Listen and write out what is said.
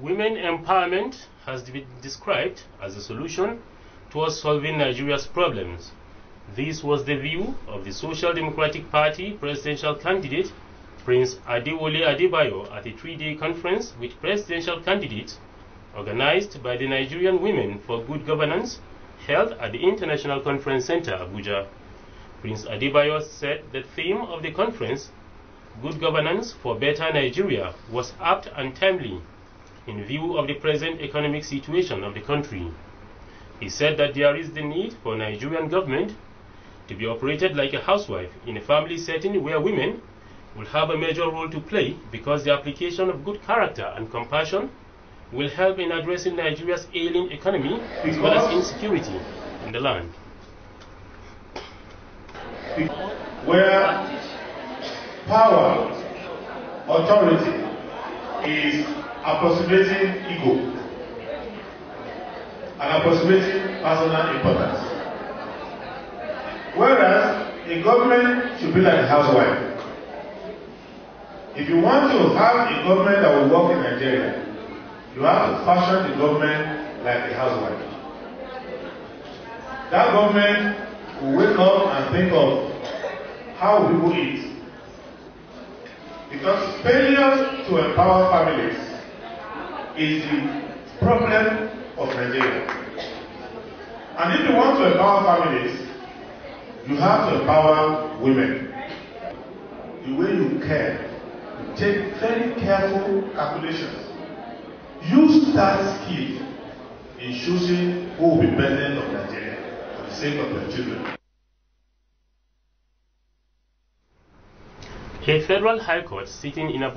women empowerment has been described as a solution towards solving Nigeria's problems. This was the view of the Social Democratic Party presidential candidate Prince Adewale Adebayo at a three-day conference with presidential candidates organized by the Nigerian Women for Good Governance held at the International Conference Center, Abuja. Prince Adebayo said the theme of the conference, Good Governance for Better Nigeria, was apt and timely in view of the present economic situation of the country. He said that there is the need for Nigerian government to be operated like a housewife in a family setting where women will have a major role to play because the application of good character and compassion will help in addressing Nigeria's ailing economy as well as insecurity in the land. Where power, authority, is approximating ego and approximating personal importance. Whereas a government should be like a housewife. If you want to have a government that will work in Nigeria, you have to fashion the government like a housewife. That government will wake up and think of how people eat, Because failure to empower families is the problem of Nigeria. And if you want to empower families, you have to empower women. The way you care, you take very careful calculations. Use that skill in choosing who will be president of Nigeria for the sake of their children. A federal high court sitting in Abu